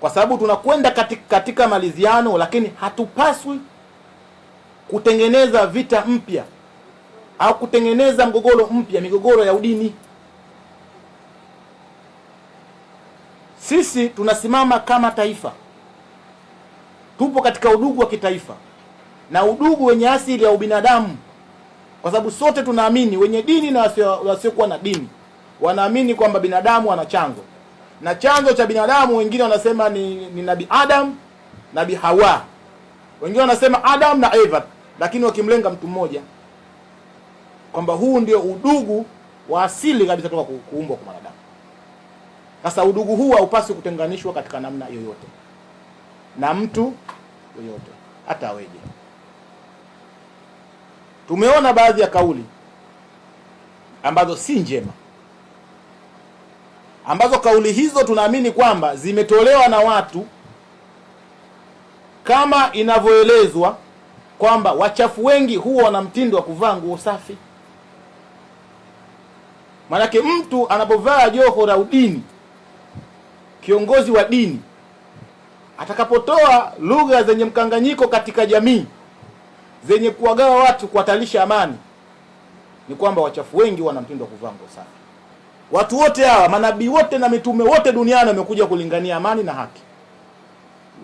kwa sababu tunakwenda katika, katika maliziano, lakini hatupaswi kutengeneza vita mpya au kutengeneza mgogoro mpya, migogoro ya udini. Sisi tunasimama kama taifa, tupo katika udugu wa kitaifa na udugu wenye asili ya ubinadamu, kwa sababu sote tunaamini, wenye dini na wasiokuwa na dini wanaamini kwamba binadamu ana chanzo na chanzo cha binadamu, wengine wanasema ni, ni nabi Adam, nabi Hawa, wengine wanasema Adam na Eva, lakini wakimlenga mtu mmoja kwamba huu ndio udugu wa asili kabisa toka kuumbwa kwa mwanadamu. Sasa udugu huu haupaswi kutenganishwa katika namna yoyote na mtu yoyote, hata weje Tumeona baadhi ya kauli ambazo si njema ambazo kauli hizo tunaamini kwamba zimetolewa na watu kama inavyoelezwa kwamba wachafu wengi huwa wana mtindo wa kuvaa nguo safi. Maanake mtu anapovaa joho la udini, kiongozi wa dini atakapotoa lugha zenye mkanganyiko katika jamii zenye kuwagawa watu, kuhatarisha amani, ni kwamba wachafu wengi wana mtindo wa kuvaa nguo safi. Watu wote hawa manabii wote na mitume wote duniani wamekuja kulingania amani na haki,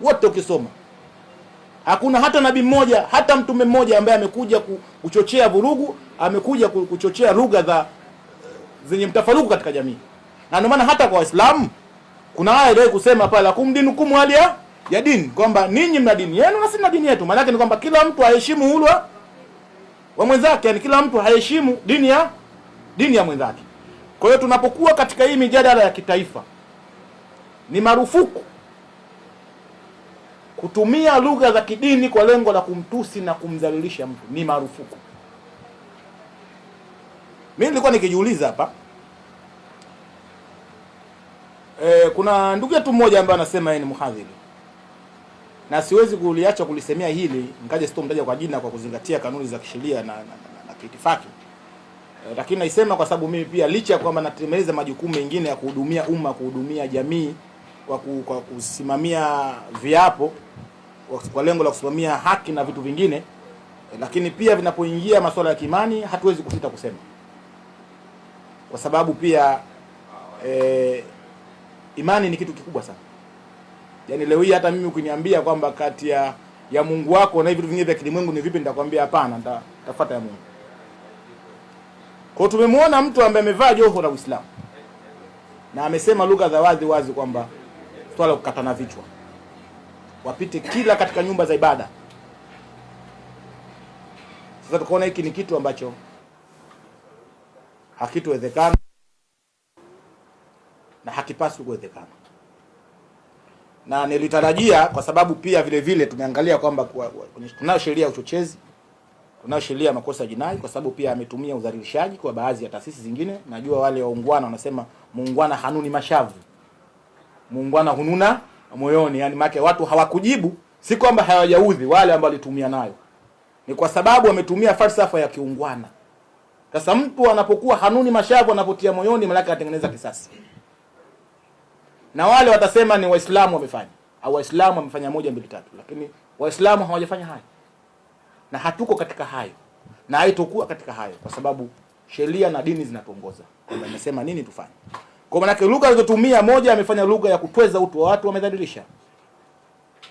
wote ukisoma, hakuna hata nabii mmoja hata mtume mmoja ambaye amekuja kuchochea vurugu, amekuja kuchochea lugha za zenye mtafaruku katika jamii. Na ndio maana hata kwa Waislamu kuna aya ile kusema pale kumdinukumu hali ya dini, kwamba ninyi mna dini yenu na sisi na dini yetu. Maana ni kwamba kila mtu aheshimu ulwa wa mwenzake, yani kila mtu aheshimu dini ya dini ya mwenzake. Kwa hiyo tunapokuwa katika hii mijadala ya kitaifa, ni marufuku kutumia lugha za kidini kwa lengo la kumtusi na kumdhalilisha mtu, ni marufuku. Mimi nilikuwa nikijiuliza hapa e, kuna ndugu yetu mmoja ambaye anasema yeye ni mhadhiri na siwezi kuliacha kulisemea hili nikaje sitomtaja kwa jina kwa kuzingatia kanuni za kisheria na, na, na, na kiitifaki Eh, lakini naisema kwa sababu mimi pia licha ya kwamba natimiza majukumu mengine ya kuhudumia umma, kuhudumia jamii kwa, ku, kwa kusimamia viapo kwa lengo la kusimamia haki na vitu vingine, eh, lakini pia vinapoingia masuala ya kiimani hatuwezi kusita kusema, kwa sababu pia e, imani ni kitu kikubwa sana. Yaani leo hii hata mimi ukiniambia kwamba kati ya ya Mungu wako na hivi vitu vingine vya kilimwengu ni vipi, nitakwambia hapana, nitafuata ya Mungu. Kwa tumemwona mtu ambaye amevaa joho la Uislamu na amesema lugha za wazi wazi kwamba swala kukatana vichwa wapite kila katika nyumba za ibada. Sasa tukaona hiki ni kitu ambacho hakituwezekana na hakipaswi kuwezekana, na nilitarajia kwa sababu pia vile vile tumeangalia kwamba tunayo sheria ya uchochezi tunayo sheria ya makosa ya jinai, kwa sababu pia ametumia udhalilishaji kwa baadhi ya taasisi zingine. Najua wale waungwana wanasema muungwana hanuni mashavu, muungwana hununa moyoni. Yani make watu hawakujibu, si kwamba hawajaudhi wale ambao walitumia nayo, ni kwa sababu wametumia falsafa ya kiungwana. Sasa mtu anapokuwa hanuni mashavu, anapotia moyoni, malaika atengeneza kisasi, na wale watasema ni Waislamu wamefanya au Waislamu wamefanya moja mbili tatu, lakini Waislamu hawajafanya haya na hatuko katika hayo na haitokuwa katika hayo, kwa sababu sheria na dini zinatuongoza kwamba imesema nini tufanye. Kwa maana yake lugha alizotumia, moja, amefanya lugha ya kutweza utu wa watu, wamedhalilisha.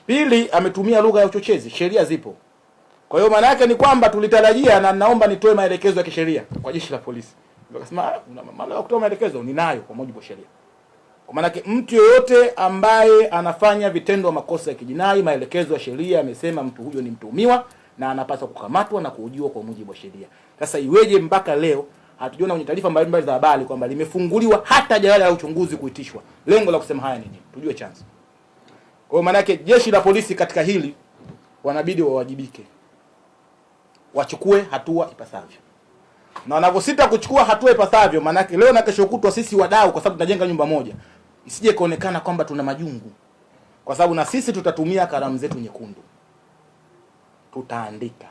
Pili, ametumia lugha ya uchochezi, sheria zipo. Kwa hiyo maana yake ni kwamba tulitarajia, na naomba nitoe maelekezo ya kisheria kwa jeshi la polisi. Akasema ah, una maana ya kutoa maelekezo ninayo kwa mujibu wa sheria. Kwa maana yake mtu yoyote ambaye anafanya vitendo makosa ya kijinai, maelekezo ya sheria yamesema mtu huyo ni mtuhumiwa na anapaswa kukamatwa na kuhojiwa kwa mujibu wa sheria. Sasa iweje mpaka leo hatujiona kwenye taarifa mbalimbali za habari kwamba limefunguliwa hata jalada la uchunguzi kuitishwa? Lengo la kusema haya nini? Tujue chanzo. Kwa hiyo maana yake jeshi la polisi katika hili wanabidi wawajibike, wachukue hatua ipasavyo, na wanavyosita kuchukua hatua ipasavyo, maana leo na kesho kutwa sisi wadau, kwa sababu tunajenga nyumba moja, isije ikaonekana kwamba tuna majungu, kwa sababu na sisi tutatumia kalamu zetu nyekundu tutaandika,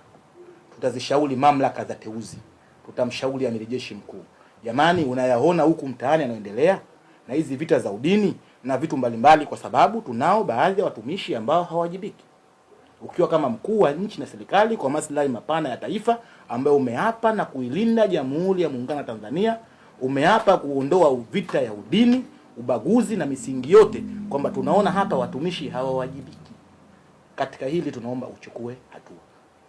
tutazishauri mamlaka za teuzi, tutamshauri amiri jeshi mkuu, jamani, unayaona huku mtaani yanaendelea na hizi vita za udini na vitu mbalimbali, kwa sababu tunao baadhi ya watumishi ambao hawajibiki. Ukiwa kama mkuu wa nchi na serikali kwa maslahi mapana ya taifa, ambayo umeapa na kuilinda Jamhuri ya Muungano wa Tanzania, umeapa kuondoa vita ya udini, ubaguzi na misingi yote, kwamba tunaona hapa watumishi hawawajibiki. Katika hili tunaomba uchukue hatua.